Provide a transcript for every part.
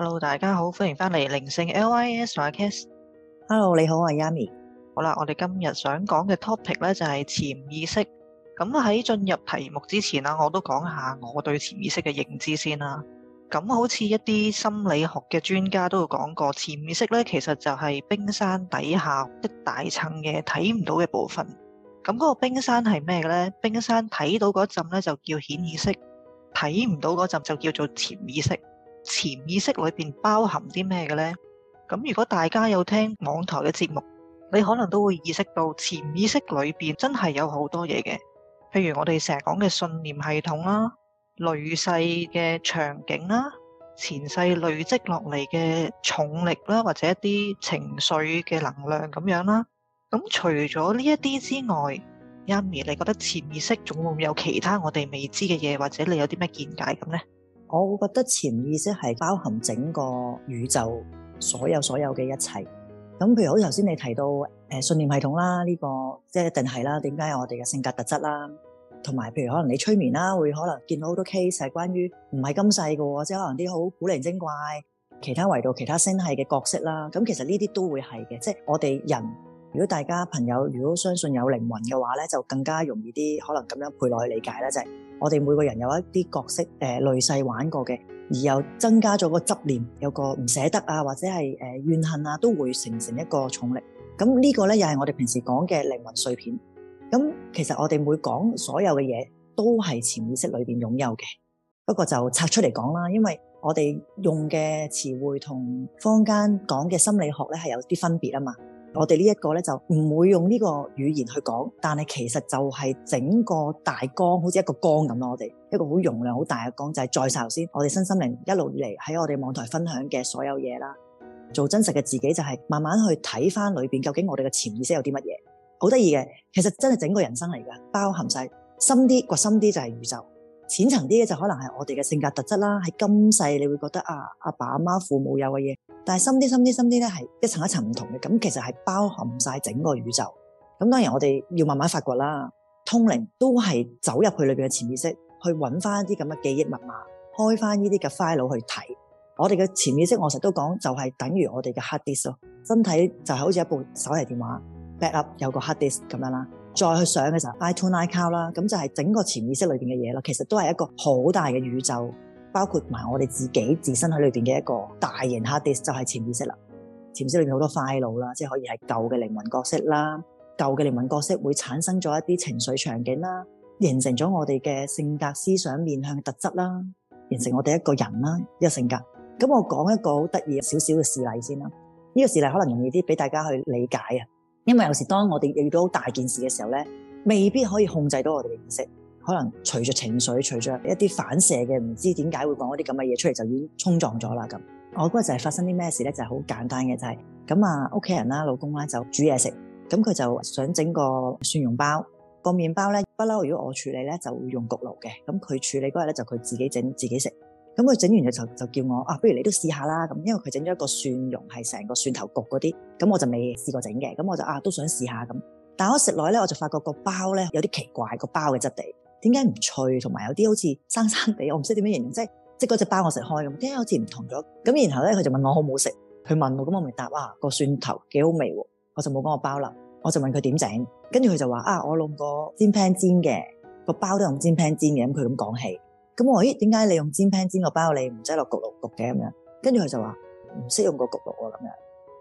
Hello，大家好，歡迎翻嚟靈性 LYS Podcast。S, Hello，你好，我係，Yami。好啦，我哋今日想講嘅 topic 咧，就係潛意識。咁喺進入題目之前啦，我都講下我對潛意識嘅認知先啦。咁好似一啲心理學嘅專家都有講過，潛意識咧，其實就係冰山底下一大層嘅睇唔到嘅部分。咁嗰個冰山係咩嘅咧？冰山睇到嗰陣咧，就叫顯意識，睇唔到嗰陣就叫做潛意識。潛意識裏邊包含啲咩嘅咧？咁如果大家有聽網台嘅節目，你可能都會意識到潛意識裏邊真係有好多嘢嘅，譬如我哋成日講嘅信念系統啦、累世嘅場景啦、前世累積落嚟嘅重力啦，或者一啲情緒嘅能量咁樣啦。咁除咗呢一啲之外 Yami，你覺得潛意識總會有，有其他我哋未知嘅嘢，或者你有啲咩見解咁呢？我覺得潛意識係包含整個宇宙所有所有嘅一切。咁譬如好似頭先你提到誒，信念系統啦，呢個即一定係啦。點解有我哋嘅性格特質啦？同埋譬如可能你催眠啦，會可能見到好多 case 係關於唔係今世嘅，即係可能啲好古靈精怪、其他維度、其他星系嘅角色啦。咁其實呢啲都會係嘅，即係我哋人。如果大家朋友如果相信有靈魂嘅話咧，就更加容易啲，可能咁樣配落去理解咧，就係、是、我哋每個人有一啲角色誒、呃、累世玩過嘅，而又增加咗個執念，有個唔捨得啊，或者係誒、呃、怨恨啊，都會形成，成一個重力。咁呢個咧又係我哋平時講嘅靈魂碎片。咁其實我哋每講所有嘅嘢，都係潛意識裏邊擁有嘅，不過就拆出嚟講啦，因為我哋用嘅詞彙同坊間講嘅心理學咧，係有啲分別啊嘛。我哋呢一個呢，就唔會用呢個語言去講，但係其實就係整個大缸，好似一個缸咁咯。我哋一個好容量好大嘅缸，就係在晒頭先我哋身心靈一路以嚟喺我哋網台分享嘅所有嘢啦，做真實嘅自己，就係慢慢去睇返裏邊究竟我哋嘅潛意識有啲乜嘢。好得意嘅，其實真係整個人生嚟㗎，包含晒深啲、掘深啲就係宇宙。淺層啲嘅就可能係我哋嘅性格特質啦，喺今世你會覺得啊阿爸阿媽父母有嘅嘢，但係深啲深啲深啲咧係一層一層唔同嘅，咁其實係包含晒整個宇宙。咁當然我哋要慢慢發掘啦，通靈都係走入去裏邊嘅潛意識去揾翻一啲咁嘅記憶密碼，開翻呢啲嘅 file 去睇。我哋嘅潛意識，我成日都講就係等於我哋嘅 hard disk 咯，身體就係好似一部手提電話，back up 有個 hard disk 咁樣啦。再去想嘅時候，eye to eye call 啦，咁就係整個潛意識裏邊嘅嘢咯。其實都係一個好大嘅宇宙，包括埋我哋自己自身喺裏邊嘅一個大型 hard disk，就係潛意識啦。潛意識裏邊好多快樂啦，即係可以係舊嘅靈魂角色啦，舊嘅靈魂角色會產生咗一啲情緒場景啦，形成咗我哋嘅性格、思想、面向嘅特質啦，形成我哋一個人啦，一、呢個性格。咁我講一個好得意少少嘅事例先啦，呢、呢個事例可能容易啲俾大家去理解啊。因為有時，當我哋遇到好大件事嘅時候咧，未必可以控制到我哋嘅意識，可能隨著情緒，隨著一啲反射嘅，唔知點解會講一啲咁嘅嘢出嚟，就已經衝撞咗啦咁。我嗰日就係發生啲咩事咧，就係好簡單嘅，就係咁啊，屋企人啦，老公啦就煮嘢食，咁佢就想整個蒜蓉包，個麵包咧不嬲，如果我處理咧就會用焗爐嘅，咁佢處理嗰日咧就佢自己整自己食。咁佢整完嘅時候就叫我啊，不如你都試下啦咁、嗯，因為佢整咗一個蒜蓉係成個蒜頭焗嗰啲，咁、嗯、我就未試過整嘅，咁、嗯、我就啊都想試下咁、嗯。但係我食落咧，我就發覺個包咧有啲奇怪，個包嘅質地點解唔脆，同埋有啲好似生生地，我唔識點樣形容，即係即係嗰隻包我食開咁，聽好似唔同咗。咁、嗯、然後咧，佢就問我好唔好食，佢問我咁、嗯、我咪答啊，個蒜頭幾好味喎，我就冇講個包啦，我就問佢點整，跟住佢就話啊，我用個煎 pan 煎嘅，個包都用煎 pan 煎嘅，咁佢咁講起。咁我咦？點解你用煎 pan 煎個包，你唔使落焗爐焗嘅咁樣？跟住佢就話唔識用個焗爐喎咁樣。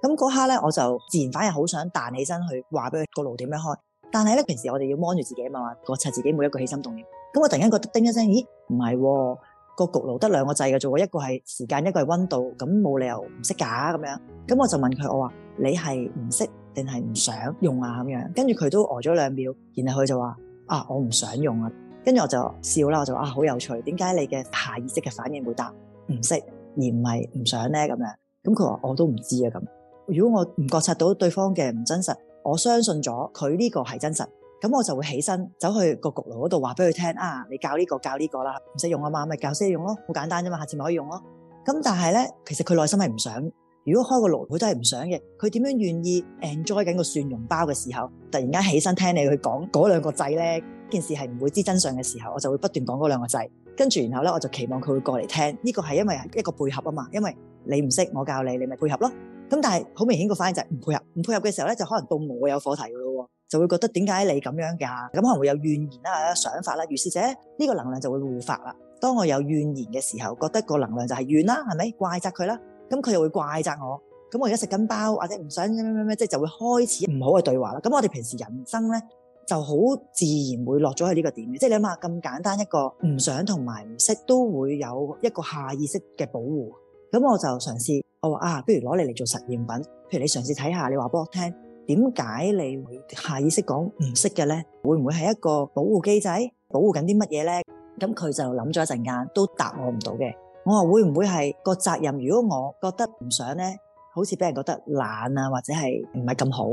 咁嗰刻咧，我就自然反而好想彈起身去話俾佢個爐點樣開。但係咧，平時我哋要 mon 住自己嘛，覺察自，自己每一個起心動念。咁我突然間覺得叮，叮一聲，咦？唔係喎，個焗爐得兩個掣嘅啫喎，一個係時間，一個係溫度，咁冇理由唔識㗎咁樣。咁我就問佢，我話你係唔識定係唔想用啊咁樣？跟住佢都呆咗兩秒，然後佢就話：啊，我唔想用啊！跟住我就笑啦，我就話啊好有趣，點解你嘅下意識嘅反應會答唔識而唔係唔想呢？咁樣。咁佢話我都唔知啊咁。如果我唔覺察到對方嘅唔真實，我相信咗佢呢個係真實，咁我就會起身走去個焗爐嗰度話俾佢聽啊！你教呢個教呢個啦，唔使用啊嘛，咪教識用咯，好簡單啫嘛，下次咪可以用咯。咁但係呢，其實佢內心係唔想。如果開個爐，佢都係唔想嘅。佢點樣願意 enjoy 緊個蒜蓉包嘅時候，突然間起身聽你去講嗰兩個掣呢？件事係唔會知真相嘅時候，我就會不斷講嗰兩個掣。跟住然後呢，我就期望佢會過嚟聽。呢個係因為一個配合啊嘛，因為你唔識，我教你，你咪配合咯。咁但係好明顯個反應就係唔配合，唔配合嘅時候呢，就可能到我有課題噶咯，就會覺得點解你咁樣噶、啊？咁可能會有怨言啦、啊、想法啦、啊，於是者呢、這個能量就會互發啦。當我有怨言嘅時候，覺得個能量就係怨啦，係咪怪責佢啦？咁佢又會怪責我，咁我而家食緊包或者唔想咩咩咩，即係就會開始唔好嘅對話啦。咁我哋平時人生咧就好自然會落咗去呢個點，即係你諗下，咁簡單一個唔想同埋唔識都會有一個下意識嘅保護。咁我就嘗試我話啊，不如攞你嚟做實驗品，譬如你嘗試睇下，你話俾我聽點解你會下意識講唔識嘅咧，會唔會係一個保護機制，保護緊啲乜嘢咧？咁佢就諗咗一陣間，都答我唔到嘅。我話會唔會係個責任？如果我覺得唔想咧，好似俾人覺得懶啊，或者係唔係咁好？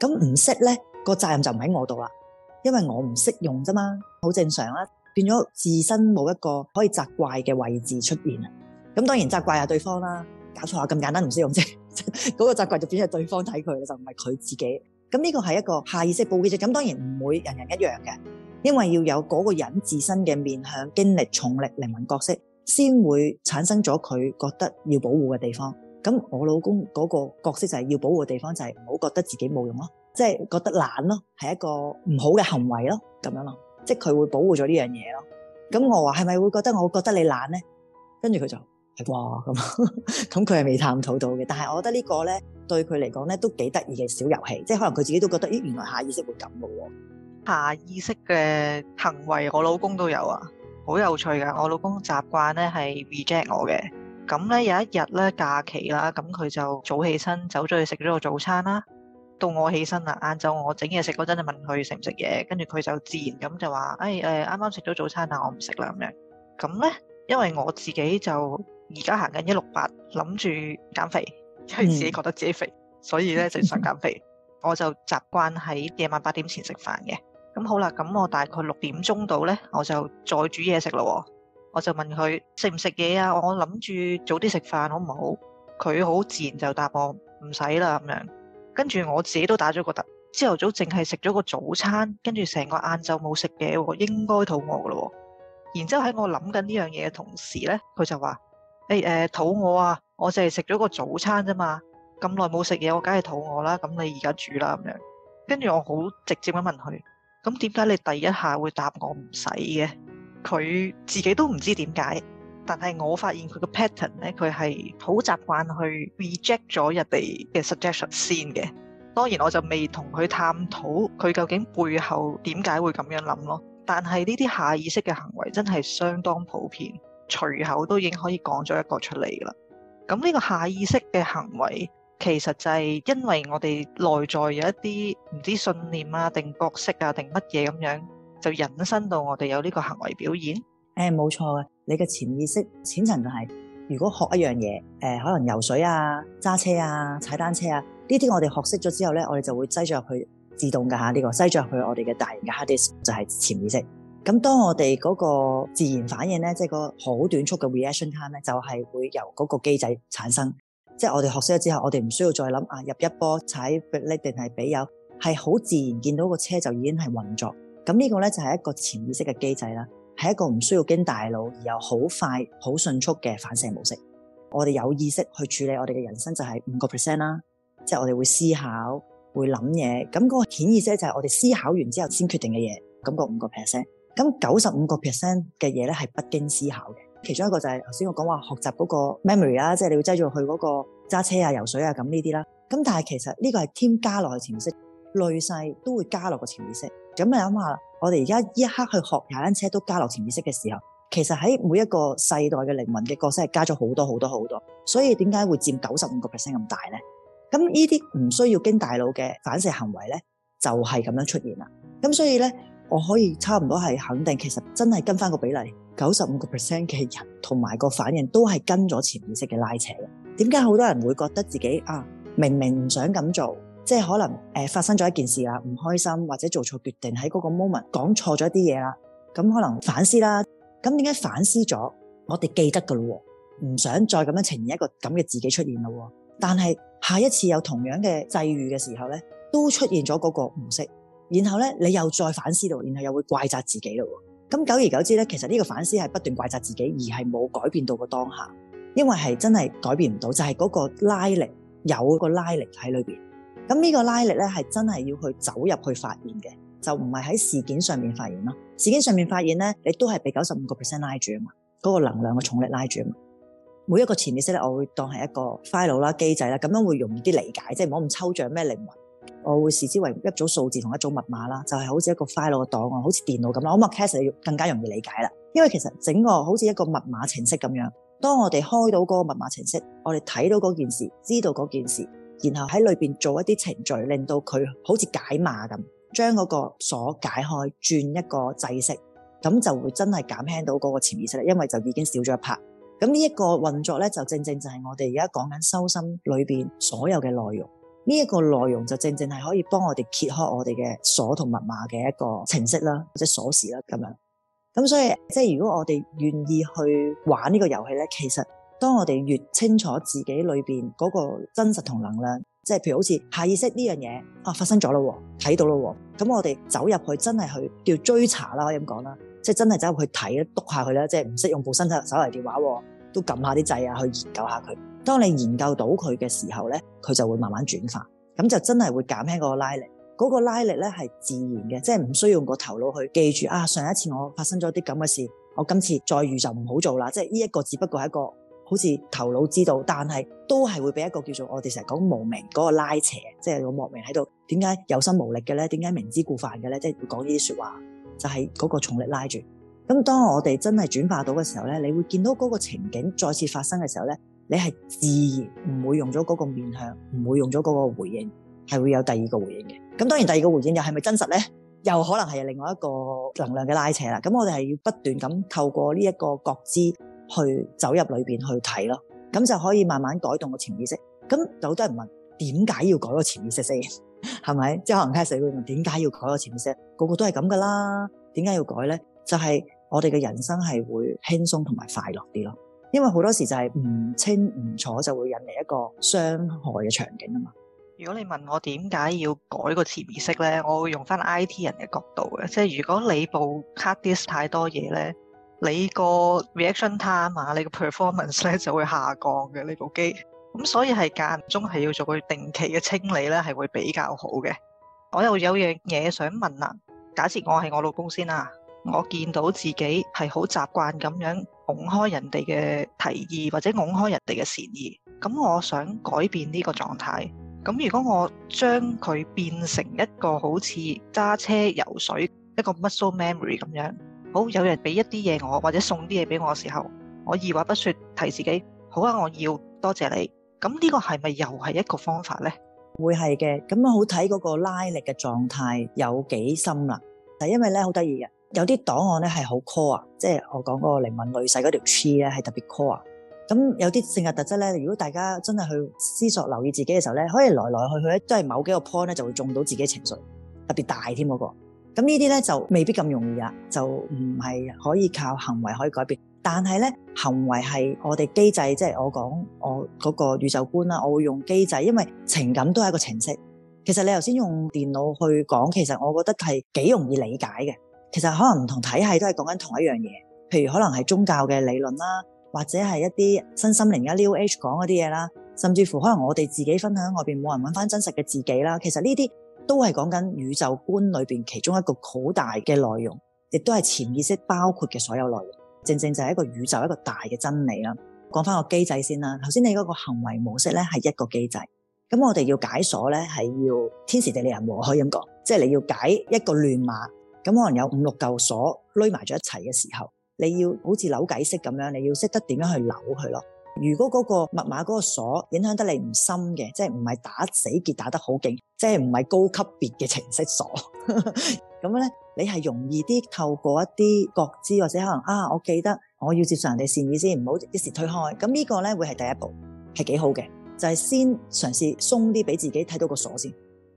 咁唔識咧，個責任就唔喺我度啦，因為我唔識用啫嘛，好正常啊。變咗自身冇一個可以責怪嘅位置出現啊。咁當然責怪下對方啦，啊，搞錯啊咁簡單唔識用啫。嗰 個責怪就變咗係對方睇佢，就唔係佢自己。咁呢個係一個下意識報應啫。咁當然唔會人人一樣嘅，因為要有嗰個人自身嘅面向、經歷、重力、靈魂角色。先會產生咗佢覺得要保護嘅地方，咁我老公嗰個角色就係要保護嘅地方就係唔好覺得自己冇用咯，即係覺得懶咯，係一個唔好嘅行為咯，咁樣咯，即係佢會保護咗呢樣嘢咯。咁我話係咪會覺得我覺得你懶呢？跟住佢就嘩咁，咁佢係未探討到嘅。但係我覺得呢個呢，對佢嚟講呢，都幾得意嘅小遊戲，即係可能佢自己都覺得咦，原來下意識會咁嘅喎。下意識嘅行為，我老公都有啊。好有趣㗎，我老公習慣咧係 reject 我嘅，咁咧有一日咧假期啦，咁、嗯、佢就早起身走咗去食咗個早餐啦，到我起身啦，晏晝我整嘢食嗰陣就問佢食唔食嘢，跟住佢就自然咁就話，誒誒啱啱食咗早餐啦，我唔食啦咁樣，咁咧因為我自己就而家行緊一六八，諗住減肥，因為自己覺得自己肥，所以咧就想減肥， 我就習慣喺夜晚八點前食飯嘅。咁好啦，咁我大概六點鐘到咧，我就再煮嘢食啦、哦。我就問佢食唔食嘢啊？我諗住早啲食飯好唔好？佢好自然就答我唔使啦咁樣。跟住我自己都打咗個突，朝頭早淨係食咗個早餐，跟住成個晏晝冇食嘢喎，應該肚餓噶啦。然之後喺我諗緊呢樣嘢嘅同時咧，佢就話：誒、欸、誒、呃，肚餓啊！我淨係食咗個早餐啫嘛，咁耐冇食嘢，我梗係肚餓啦。咁你而家煮啦咁樣。跟住我好直接咁問佢。咁點解你第一下會答我唔使嘅？佢自己都唔知點解，但係我發現佢個 pattern 咧，佢係好習慣去 reject 咗人哋嘅 suggestion 先嘅。當然我就未同佢探討佢究竟背後點解會咁樣諗咯。但係呢啲下意識嘅行為真係相當普遍，隨口都已經可以講咗一個出嚟啦。咁呢個下意識嘅行為，其實就係因為我哋內在有一啲唔知信念啊、定角色啊、定乜嘢咁樣，就引申到我哋有呢個行為表現。誒冇、嗯、錯嘅，你嘅潛意識淺層就係、是，如果學一樣嘢，誒、呃、可能游水啊、揸車啊、踩單車啊，呢啲我哋學識咗之後咧，我哋就會擠咗入去自動㗎嚇，呢、這個擠咗入去我哋嘅大型嘅 hard disk 就係、是、潛意識。咁當我哋嗰個自然反應咧，即、就、係、是、個好短促嘅 reaction time 咧，就係、是、會由嗰個機制產生。即係我哋學識咗之後，我哋唔需要再諗啊入一波踩跌定係比油，係好自然見到個車就已經係運作。咁呢個咧就係、是、一個潛意識嘅機制啦，係一個唔需要經大腦而又好快好迅速嘅反射模式。我哋有意識去處理我哋嘅人生就係五個 percent 啦，即係我哋會思考會諗嘢。咁、那、嗰個顯意識咧就係我哋思考完之後先決定嘅嘢，咁個五個 percent。咁九十五個 percent 嘅嘢咧係不經思考嘅。其中一個就係頭先我講話學習嗰個 memory 啦，即係你要擠咗去嗰個揸車啊、游水啊咁呢啲啦。咁但係其實呢個係添加落去潛意識，累世都會加落個潛意識。咁你諗下，我哋而家一刻去學踩單車都加落潛意識嘅時候，其實喺每一個世代嘅靈魂嘅角色係加咗好多好多好多。所以點解會佔九十五個 percent 咁大咧？咁呢啲唔需要經大腦嘅反射行為咧，就係咁樣出現啦。咁所以咧。我可以差唔多係肯定，其實真係跟返個比例，九十五個 percent 嘅人同埋個反應都係跟咗潛意識嘅拉扯嘅。點解好多人會覺得自己啊，明明唔想咁做，即係可能誒、呃、發生咗一件事啦，唔開心或者做錯決定，喺嗰個 moment 講錯咗一啲嘢啦，咁、嗯、可能反思啦。咁點解反思咗，我哋記得噶咯喎，唔想再咁樣呈現一個咁嘅自己出現咯。但係下一次有同樣嘅際遇嘅時候呢，都出現咗嗰個模式。然後咧，你又再反思到，然後又會怪責自己咯。咁久而久之咧，其實呢個反思係不斷怪責自己，而係冇改變到個當下，因為係真係改變唔到，就係、是、嗰個拉力有個拉力喺裏邊。咁呢個拉力咧，係真係要去走入去發現嘅，就唔係喺事件上面發現咯。事件上面發現咧，你都係被九十五個 percent 拉住啊嘛，嗰、那個能量嘅重力拉住啊嘛。每一個潛意識咧，我會當係一個 file 啦、機制啦，咁樣會容易啲理解，即係唔好咁抽象咩靈魂。我會視之為一組數字同一組密碼啦，就係好似一個 file 嘅檔案，好似電腦咁啦。我話 Cass 就更加容易理解啦，因為其實整個好似一個密碼程式咁樣。當我哋開到嗰個密碼程式，我哋睇到嗰件事，知道嗰件事，然後喺裏邊做一啲程序，令到佢好似解碼咁，將嗰個鎖解開，轉一個制式，咁就會真係減輕到嗰個潛意識啦，因為就已經少咗一拍。咁呢一個運作咧，就正正就係我哋而家講緊修心裏邊所有嘅內容。呢一個內容就正正係可以幫我哋揭開我哋嘅鎖同密碼嘅一個程式啦，或者鎖匙啦咁樣。咁所以即係如果我哋願意去玩個遊戲呢個遊戲咧，其實當我哋越清楚自己裏邊嗰個真實同能量，即係譬如好似下意識呢樣嘢啊發生咗啦、啊，睇到啦、啊，咁、嗯、我哋走入去真係去叫追查啦、啊，可以咁講啦，即係真係走入去睇篤下佢啦，即係唔識用部新質手提電話、啊，都撳下啲掣啊，去研究下佢。當你研究到佢嘅時候呢，佢就會慢慢轉化，咁就真係會減輕嗰個拉力。嗰個拉力呢係自然嘅，即係唔需要用個頭腦去記住啊。上一次我發生咗啲咁嘅事，我今次再遇就唔好做啦。即係呢一個只不過係一個好似頭腦知道，但係都係會俾一個叫做我哋成日講莫名嗰個拉扯，即係個莫名喺度點解有心無力嘅呢？點解明知故犯嘅呢？即係會講呢啲説話，就係嗰個重力拉住。咁當我哋真係轉化到嘅時候呢，你會見到嗰個情景再次發生嘅時候呢。你係自然唔會用咗嗰個面向，唔會用咗嗰個回應，係會有第二個回應嘅。咁當然第二個回應又係咪真實咧？又可能係另外一個能量嘅拉扯啦。咁我哋係要不斷咁透過呢一個覺知去走入裏邊去睇咯。咁就可以慢慢改動個潛意識。咁有好多人問：點解要改個潛意識先？係咪？即係可能睇下社會會問：點解要改個潛意識？個個都係咁噶啦。點解要改咧？就係我哋嘅人生係會輕鬆同埋快樂啲咯。因為好多時就係唔清唔楚，就會引嚟一個傷害嘅場景啊嘛。如果你問我點解要改個潛意識咧，我會用翻 I T 人嘅角度嘅，即係如果你部 hard disk 太多嘢咧，你個 reaction time 啊，你個 performance 咧就會下降嘅呢部機。咁所以係間中係要做佢定期嘅清理咧，係會比較好嘅。我又有樣嘢想問啊，假設我係我老公先啊，我見到自己係好習慣咁樣。拱開人哋嘅提議或者拱開人哋嘅善意，咁我想改變呢個狀態。咁如果我將佢變成一個好似揸車游水、一個 muscle memory 咁樣，好有人俾一啲嘢我或者送啲嘢俾我嘅時候，我二話不說提自己，好啊，我要多謝你。咁呢個係咪又係一個方法呢？會係嘅。咁樣，好睇嗰個拉力嘅狀態有幾深啦。但因為咧好得意嘅。有啲檔案咧係好 core 啊，即係我講嗰個靈魂女婿嗰條 tree 咧係特別 core 啊。咁有啲性格特質咧，如果大家真係去思索、留意自己嘅時候咧，可以來來去去咧都係某幾個 point 咧就會中到自己情緒特別大添嗰、嗰個。咁呢啲咧就未必咁容易啊，就唔係可以靠行為可以改變。但係咧行為係我哋機制，即係我講我嗰個宇宙觀啦，我會用機制，因為情感都係一個程式。其實你頭先用電腦去講，其實我覺得係幾容易理解嘅。其實可能唔同體系都係講緊同一樣嘢，譬如可能係宗教嘅理論啦，或者係一啲身心靈一 New Age 講嗰啲嘢啦，甚至乎可能我哋自己分享外邊冇人揾翻真實嘅自己啦。其實呢啲都係講緊宇宙觀裏邊其中一個好大嘅內容，亦都係潛意識包括嘅所有內容。正正就係一個宇宙，一個大嘅真理啦。講翻個機制先啦，頭先你嗰個行為模式呢，係一個機制，咁我哋要解鎖呢，係要天時地利人和可以咁講，即係你要解一個亂碼。咁可能有五六嚿鎖攣埋咗一齊嘅時候，你要好似扭計式咁樣，你要識得點樣去扭佢咯。如果嗰個密碼嗰個鎖影響得你唔深嘅，即係唔係打死結打得好勁，即係唔係高級別嘅程式鎖，咁樣 咧你係容易啲透過一啲覺知或者可能啊，我記得我要接受人哋善意先，唔好一時推開。咁呢個咧會係第一步，係幾好嘅，就係、係、先嘗試鬆啲俾自己睇到個鎖先。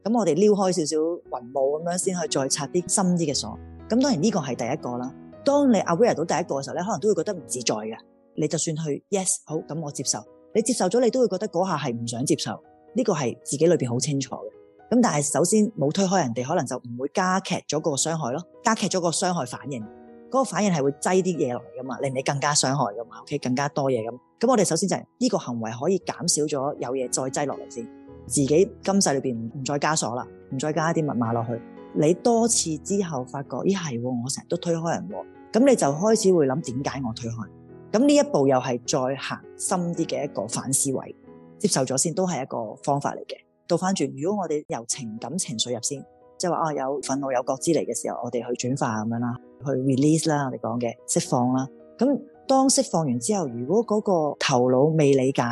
咁我哋撩開少少雲霧咁樣，先去再拆啲深啲嘅鎖。咁當然呢個係第一個啦。當你 Aware 到第一個嘅時候咧，可能都會覺得唔自在嘅。你就算去 Yes 好，咁我接受。你接受咗，你都會覺得嗰下係唔想接受。呢個係自己裏邊好清楚嘅。咁但係首先冇推開人哋，可能就唔會加劇咗個傷害咯，加劇咗個傷害反應。嗰個反應係會擠啲嘢落嚟噶嘛，令你更加傷害嘅嘛。O K，更加多嘢咁。咁我哋首先就係呢個行為可以減少咗有嘢再擠落嚟先。自己今世裏邊唔再加鎖啦，唔再加一啲密碼落去。你多次之後，發覺咦係、哎，我成日都推開人，咁你就開始會諗點解我推開？咁呢一步又係再行深啲嘅一個反思維，接受咗先都係一個方法嚟嘅。倒翻轉，如果我哋由情感情緒入先，即係話哦有憤怒、有覺知嚟嘅時候，我哋去轉化咁樣啦，去 release 啦，我哋講嘅釋放啦。咁當釋放完之後，如果嗰個頭腦未理解，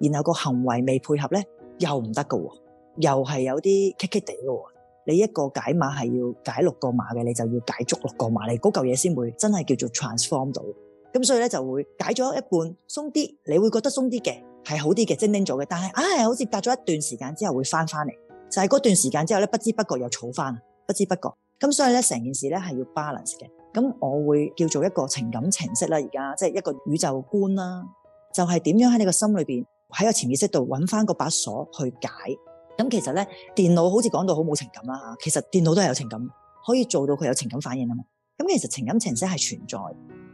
然後個行為未配合呢。又唔得噶，又係有啲棘棘地噶。你一個解碼係要解六個碼嘅，你就要解足六個碼，你嗰嚿嘢先會真係叫做 transform 到。咁所以咧，就會解咗一半，鬆啲，你會覺得鬆啲嘅，係好啲嘅，精靈咗嘅。但係唉，啊、好似隔咗一段時間之後會翻翻嚟，就係、是、嗰段時間之後咧，不知不覺又儲翻，不知不覺。咁所以咧成件事咧係要 balance 嘅。咁我會叫做一個情感程式啦，而家即係一個宇宙觀啦，就係、是、點樣喺你個心裏邊。喺個潛意識度揾翻嗰把鎖去解，咁其實咧電腦好似講到好冇情感啦吓，其實電腦都係有情感，可以做到佢有情感反應啊嘛。咁其實情感程式係存在，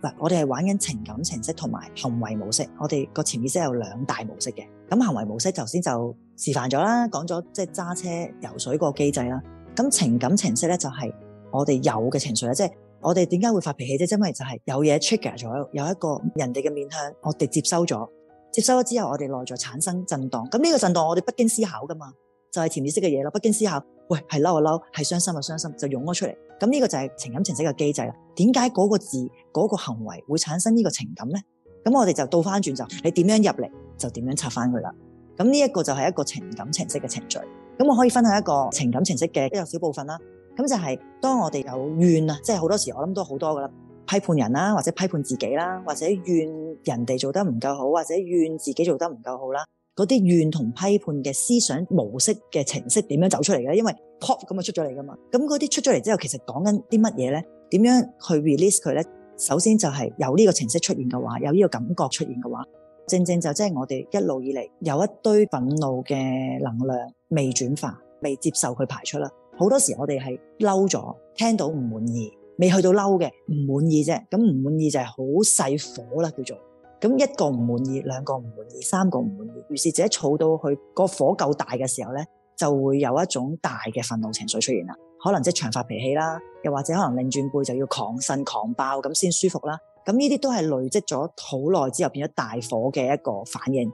嗱，我哋係玩緊情感程式同埋行為模式。我哋個潛意識有兩大模式嘅，咁行為模式頭先就示範咗啦，講咗即係揸車、游水個機制啦。咁情感程式咧就係我哋有嘅情緒，即係我哋點解會發脾氣啫？因為就係有嘢 trigger 咗，有一個人哋嘅面向，我哋接收咗。接收咗之後，我哋內在產生震盪，咁呢個震盪我哋不經思考噶嘛，就係、是、潛意識嘅嘢咯，不經思考，喂，係嬲啊嬲，係傷心啊傷心，就湧咗出嚟，咁呢個就係情感程式嘅機制啦。點解嗰個字、嗰、嗰個行為會產生呢個情感呢？咁我哋就倒翻轉，就你點樣入嚟，就點樣拆翻佢啦。咁呢一個就係一個情感程式嘅程序。咁我可以分享一個情感程式嘅一小部分啦。咁就係當我哋有怨啊，即係好多時我諗都好多噶啦。批判人啦，或者批判自己啦，或者怨人哋做得唔夠好，或者怨自己做得唔夠好啦，嗰啲怨同批判嘅思想模式嘅程式點樣走出嚟嘅？因為 pop 咁啊出咗嚟噶嘛，咁嗰啲出咗嚟之後，其實講緊啲乜嘢咧？點樣去 release 佢咧？首先就係有呢個程式出現嘅話，有呢個感覺出現嘅話，正正就即係我哋一路以嚟有一堆憤怒嘅能量未轉化，未接受佢排出啦。好多時我哋係嬲咗，聽到唔滿意。未去到嬲嘅，唔滿意啫。咁唔滿意就係好細火啦，叫做。咁一個唔滿意，兩個唔滿意，三個唔滿意，於是者儲到佢個火夠大嘅時候咧，就會有一種大嘅憤怒情緒出現啦。可能即係長發脾氣啦，又或者可能擰轉背就要狂呻狂爆咁先舒服啦。咁呢啲都係累積咗好耐之後變咗大火嘅一個反應。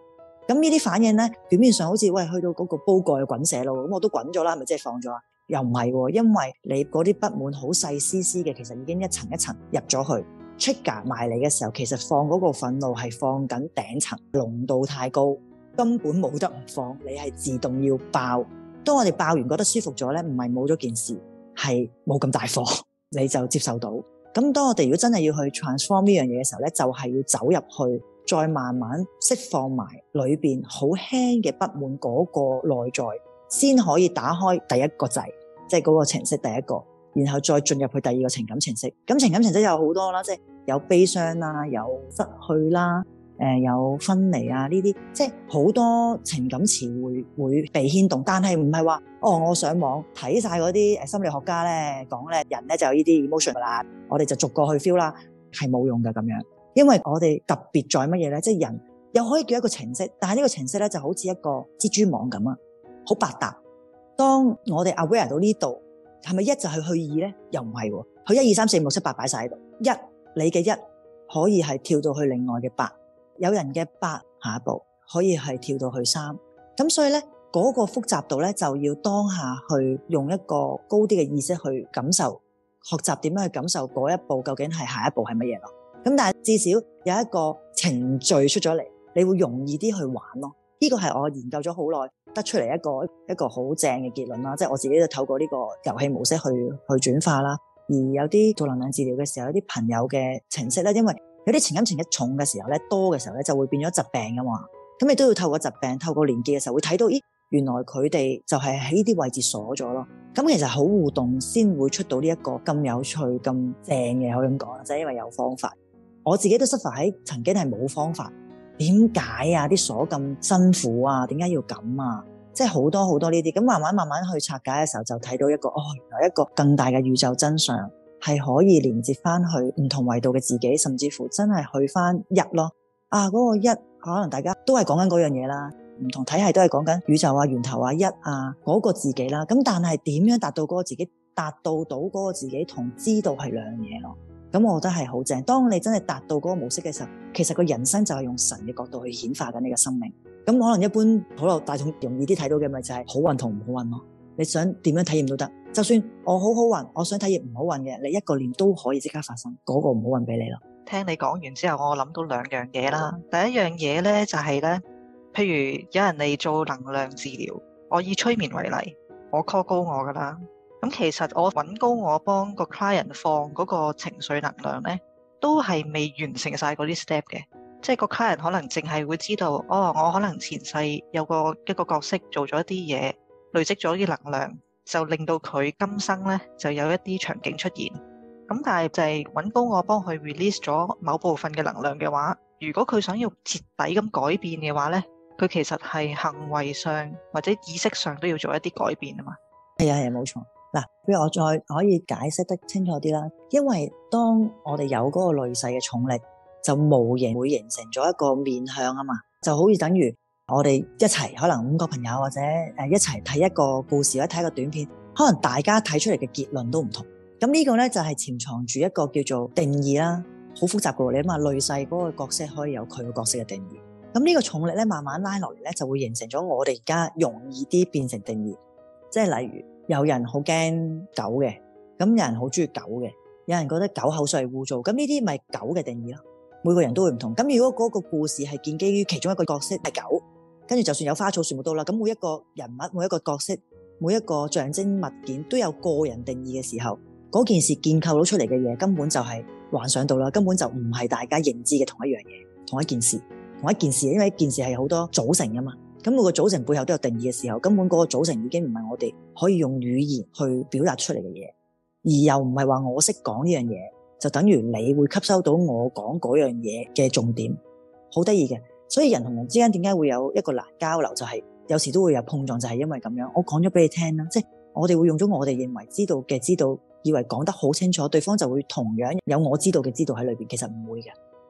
咁呢啲反應咧，表面上好似喂，去到嗰個煲蓋滾瀉咯，咁我都滾咗啦，係咪即係放咗啊？又唔係喎，因為你嗰啲不滿好細絲絲嘅，其實已經一層一層入咗去，trigger 埋嚟嘅時候，其實放嗰個憤怒係放緊頂層，濃度太高，根本冇得唔放，你係自動要爆。當我哋爆完覺得舒服咗呢，唔係冇咗件事，係冇咁大火你就接受到。咁當我哋如果真係要去 transform 呢樣嘢嘅時候呢，就係要走入去，再慢慢釋放埋裏邊好輕嘅不滿嗰個內在。先可以打開第一個掣，即係嗰個程式第一個，然後再進入去第二個情感程式。咁情感程式有好多啦，即係有悲傷啦，有失去啦，誒有分離啊呢啲，即係好多情感詞彙會，會被牽動。但係唔係話哦，我上網睇晒嗰啲誒心理學家咧講咧，人咧就有呢啲 emotion 啦，我哋就逐個去 feel 啦，係冇用噶咁樣。因為我哋特別在乜嘢咧？即係人又可以叫一個程式，但係呢個程式咧就好似一個蜘蛛網咁啊。好百搭，當我哋 aware 到呢度，係咪一就去去二呢？又唔係喎，去一二三四五六七八擺晒喺度。一，你嘅一可以係跳到去另外嘅八，有人嘅八下一步可以係跳到去三。咁所以呢，嗰個複雜度呢，就要當下去用一個高啲嘅意識去感受，學習點樣去感受嗰一步究竟係下一步係乜嘢咯。咁但係至少有一個程序出咗嚟，你會容易啲去玩咯。呢個係我研究咗好耐得出嚟一個一個好正嘅結論啦，即係我自己都透過呢個遊戲模式去去轉化啦。而有啲做能量治療嘅時候，有啲朋友嘅程式咧，因為有啲情感情一重嘅時候咧，多嘅時候咧就會變咗疾病㗎嘛。咁你都要透過疾病，透過連結嘅時候會睇到，咦，原來佢哋就係喺呢啲位置鎖咗咯。咁其實好互動先會出到呢一個咁有趣、咁正嘅可以咁講，即係因為有方法。我自己都 suffer 喺曾經係冇方法。點解啊？啲鎖咁辛苦啊？點解要咁啊？即係好多好多呢啲咁，慢慢慢慢去拆解嘅時候，就睇到一個哦，原來一個更大嘅宇宙真相係可以連接翻去唔同維度嘅自己，甚至乎真係去翻一咯。啊，嗰個一可能大家都係講緊嗰樣嘢啦，唔同體系都係講緊宇宙啊、源頭啊、一啊嗰個自己啦。咁但係點樣達到嗰個自己？達到到嗰個自己同知道係兩樣嘢咯。咁，我覺得係好正。當你真係達到嗰個模式嘅時候，其實個人生就係用神嘅角度去顯化緊你嘅生命。咁可能一般普羅大眾容易啲睇到嘅咪就係好運同唔好運咯、啊。你想點樣體驗都得，就算我好好運，我想體驗唔好運嘅，你一個念都可以即刻發生嗰、這個唔好運俾你咯。聽你講完之後，我諗到兩樣嘢啦。第一樣嘢咧就係、是、咧，譬如有人嚟做能量治療，我以催眠為例，我 call 高我噶啦。咁其實我揾高我幫個 client 放嗰個情緒能量咧，都係未完成晒嗰啲 step 嘅，即係個 client 可能淨係會知道哦，我可能前世有個一個角色做咗一啲嘢，累積咗啲能量，就令到佢今生咧就有一啲場景出現。咁、嗯、但係就係揾高我幫佢 release 咗某部分嘅能量嘅話，如果佢想要徹底咁改變嘅話咧，佢其實係行為上或者意識上都要做一啲改變啊嘛。係啊，係啊，冇錯。嗱，不如我再可以解釋得清楚啲啦。因為當我哋有嗰個累世嘅重力，就無形會形成咗一個面向啊嘛，就好似等於我哋一齊可能五個朋友或者誒一齊睇一個故事或者睇一個短片，可能大家睇出嚟嘅結論都唔同。咁呢個咧就係潛藏住一個叫做定義啦，好複雜噶。你諗下累世嗰個角色可以有佢個角色嘅定義，咁呢個重力咧慢慢拉落嚟咧，就會形成咗我哋而家容易啲變成定義，即係例如。有人好驚狗嘅，咁有人好鍾意狗嘅，有人覺得狗口水污糟，咁呢啲咪狗嘅定義咯。每個人都會唔同。咁如果嗰個故事係建基於其中一個角色係狗，跟住就算有花草樹木都啦，咁每一個人物、每一個角色、每一個象徵物件都有個人定義嘅時候，嗰件事建構到出嚟嘅嘢根本就係幻想到啦，根本就唔係大家認知嘅同一樣嘢、同一件事、同一件事，因為一件事係好多組成㗎嘛。咁每個組成背後都有定義嘅時候，根本嗰個組成已經唔係我哋可以用語言去表達出嚟嘅嘢，而又唔係話我識講呢樣嘢，就等於你會吸收到我講嗰樣嘢嘅重點，好得意嘅。所以人同人之間點解會有一個難交流，就係有時都會有碰撞，就係因為咁樣。我講咗俾你聽啦，即係我哋會用咗我哋認為知道嘅知道，以為講得好清楚，對方就會同樣有我知道嘅知道喺裏邊，其實唔會嘅，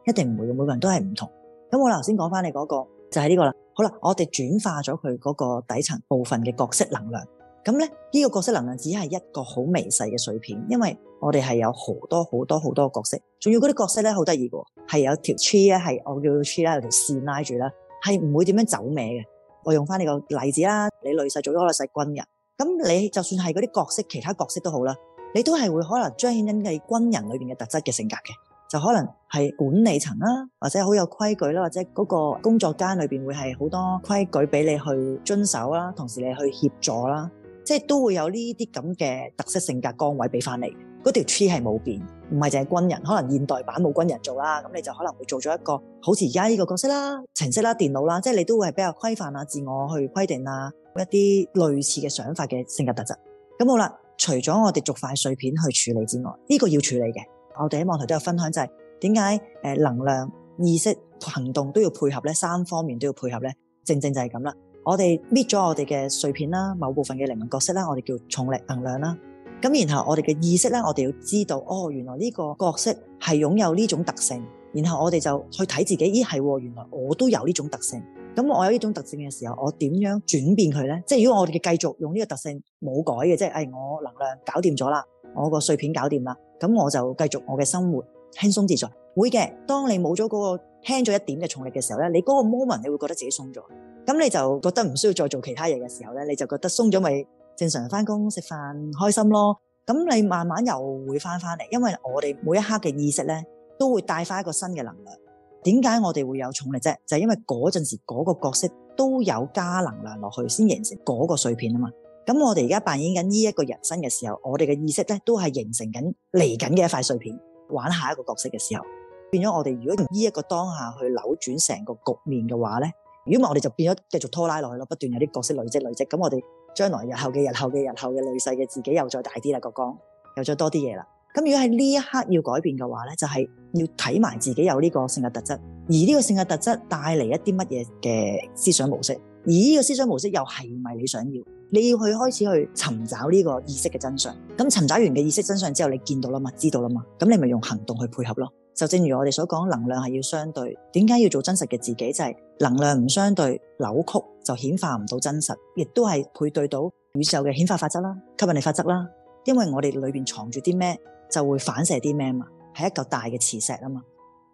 一定唔會嘅。每個人都係唔同。咁我頭先講翻你嗰個。就係呢個啦，好啦，我哋轉化咗佢嗰個底層部分嘅角色能量，咁咧呢、呢個角色能量只係一個好微細嘅碎片，因為我哋係有好多好多好多角色，仲要嗰啲角色咧好得意嘅，係有條 tree 咧，係我叫 tree 有條線拉住啦，係唔會點樣走歪嘅。我用翻你個例子啦，你累世做咗個細軍人，咁你就算係嗰啲角色，其他角色都好啦，你都係會可能彰顯因嘅軍人裏邊嘅特質嘅性格嘅。就可能係管理層啦、啊，或者好有規矩啦、啊，或者嗰個工作間裏邊會係好多規矩俾你去遵守啦、啊，同時你去協助啦、啊，即係都會有呢啲咁嘅特色性格崗位俾翻你。嗰條 tree 係冇變，唔係淨係軍人，可能現代版冇軍人做啦、啊，咁你就可能會做咗一個好似而家呢個角色啦、程式啦、電腦啦，即係你都會係比較規範啊、自我去規定啊一啲類似嘅想法嘅性格特質。咁好啦，除咗我哋逐塊碎片去處理之外，呢、這個要處理嘅。我哋喺網台都有分享，就係點解誒，能量、意識、行動都要配合咧，三方面都要配合咧。正正就係咁啦。我哋搣咗我哋嘅碎片啦，某部分嘅靈魂角色啦，我哋叫重力能量啦。咁然後我哋嘅意識咧，我哋要知道，哦，原來呢個角色係擁有呢種特性。然後我哋就去睇自己，咦，係，原來我都有呢種特性。咁我有呢種特性嘅時候，我點樣轉變佢咧？即係如果我哋繼續用呢個特性冇改嘅，即係，誒、哎，我能量搞掂咗啦，我個碎片搞掂啦。咁我就繼續我嘅生活，輕鬆自在。會嘅，當你冇咗嗰個輕咗一點嘅重力嘅時候咧，你嗰個 moment 你會覺得自己鬆咗，咁你就覺得唔需要再做其他嘢嘅時候咧，你就覺得鬆咗咪正常，翻工食飯開心咯。咁你慢慢又會翻返嚟，因為我哋每一刻嘅意識咧，都會帶翻一個新嘅能量。點解我哋會有重力啫？就係因為嗰陣時嗰個角色都有加能量落去，先形成嗰個碎片啊嘛。咁我哋而家扮演緊呢一個人生嘅時候，我哋嘅意識咧都係形成緊嚟緊嘅一塊碎片，玩下一個角色嘅時候，變咗我哋如果用呢一個當下去扭轉成個局面嘅話咧，如果唔係我哋就變咗繼續拖拉落去咯，不斷有啲角色累積累積，咁我哋將來日後嘅日後嘅日後嘅累世嘅自己又再大啲啦，個光又再多啲嘢啦。咁如果喺呢一刻要改變嘅話咧，就係、係、要睇埋自己有呢個性格特質，而呢個性格特質帶嚟一啲乜嘢嘅思想模式，而呢個思想模式又係咪你想要？你要去開始去尋找呢個意識嘅真相，咁尋找完嘅意識真相之後，你見到啦嘛，知道啦嘛，咁你咪用行動去配合咯。就正如我哋所講，能量係要相對，點解要做真實嘅自己？就係能量唔相對，扭曲就顯化唔到真實，亦都係配對到宇宙嘅顯化法則啦、吸引力法則啦。因為我哋裏邊藏住啲咩，就會反射啲咩嘛，係一嚿大嘅磁石啊嘛。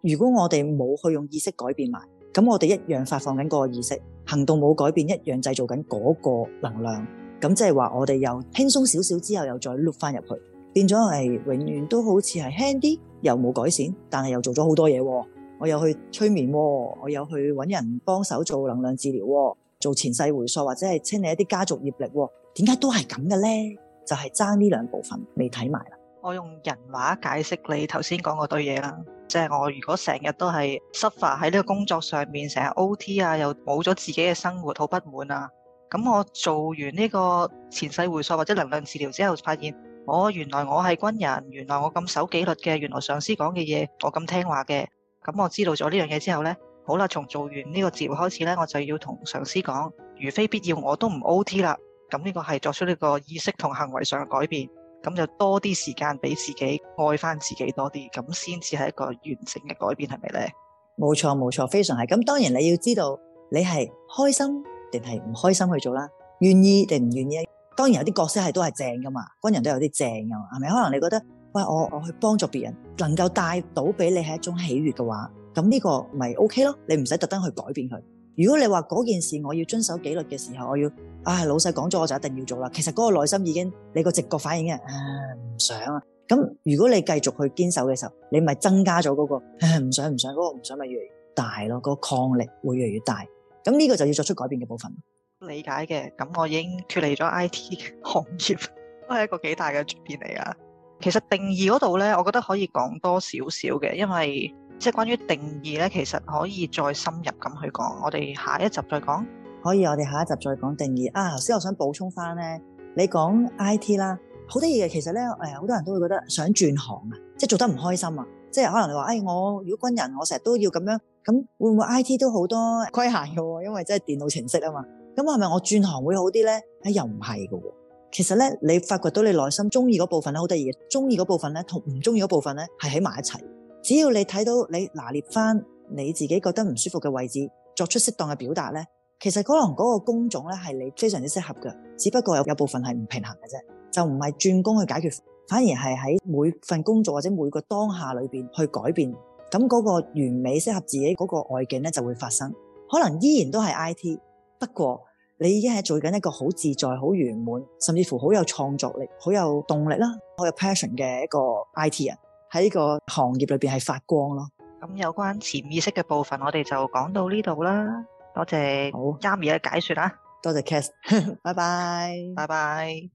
如果我哋冇去用意識改變埋。咁我哋一樣發放緊嗰個意識，行動冇改變，一樣製造緊嗰個能量。咁即係話我哋又輕鬆少少之後，又再碌返入去，變咗係永遠都好似係輕啲，又冇改善，但係又做咗好多嘢。我又去催眠，我又去揾人幫手做能量治療，做前世回溯或者係清理一啲家族業力。點解都係咁嘅呢？就係爭呢兩部分未睇埋啦。我用人話解釋你頭先講嗰堆嘢啦，即係我如果成日都係 suffer 喺呢個工作上面，成日 O T 啊，又冇咗自己嘅生活，好不滿啊。咁我做完呢個前世回溯或者能量治療之後，發現我原來我係軍人，原來我咁守紀律嘅，原來上司講嘅嘢我咁聽話嘅。咁我知道咗呢樣嘢之後呢，好啦，從做完呢個治療開始呢，我就要同上司講，如非必要我都唔 O T 啦。咁呢個係作出呢個意識同行為上嘅改變。咁就多啲時間俾自己愛返自己多啲，咁先至係一個完整嘅改變，係咪咧？冇錯冇錯，非常係咁。當然你要知道你係開心定係唔開心去做啦，願意定唔願意。當然有啲角色係都係正㗎嘛，軍人都有啲正㗎嘛，係咪？可能你覺得喂，我我去幫助別人，能夠帶到俾你係一種喜悅嘅話，咁呢個咪 OK 咯，你唔使特登去改變佢。如果你話嗰件事我要遵守紀律嘅時候，我要啊老細講咗我就一定要做啦。其實嗰個內心已經你個直覺反應嘅，唔想啊。咁如果你繼續去堅守嘅時候，你咪增加咗嗰、嗰個唔、啊、想唔想嗰、嗰個唔想咪、嗰個、越嚟越大咯。嗰個抗力會越嚟越大。咁呢個就要作出改變嘅部分。理解嘅，咁我已經脱離咗 IT 行業， 都係一個幾大嘅轉變嚟啊。其實定義嗰度咧，我覺得可以講多少少嘅，因為。即係關於定義咧，其實可以再深入咁去講。我哋下一集再講，可以我哋下一集再講定義啊。頭先我想補充翻咧，你講 IT 啦，好得意嘅。其實咧，誒、哎，好多人都會覺得想轉行啊，即係做得唔開心啊。即係可能你話，誒、哎，我如果軍人，我成日都要咁樣，咁會唔會 IT 都好多規限嘅？因為即係電腦程式啊嘛。咁係咪我轉行會好啲咧？誒、哎，又唔係嘅。其實咧，你發掘到你內心中意嗰部分咧，好得意嘅。中意嗰部分咧，同唔中意嗰部分咧，係喺埋一齊。只要你睇到你拿捏翻你自己覺得唔舒服嘅位置，作出適當嘅表達呢，其實可能嗰個工種呢係你非常之適合嘅，只不過有有部分係唔平衡嘅啫，就唔係轉工去解決，反而係喺每份工作或者每個當下裏邊去改變，咁嗰個完美適合自己嗰個外景呢就會發生。可能依然都係 IT，不過你已經係做緊一個好自在、好圓滿，甚至乎好有創作力、好有動力啦、好有 passion 嘅一個 IT 人。喺呢個行業裏邊係發光咯。咁有關潛意識嘅部分，我哋就講到呢度啦。多謝好，Jammy 嘅解說啦，啊。多謝 Cass bye 拜拜。拜拜。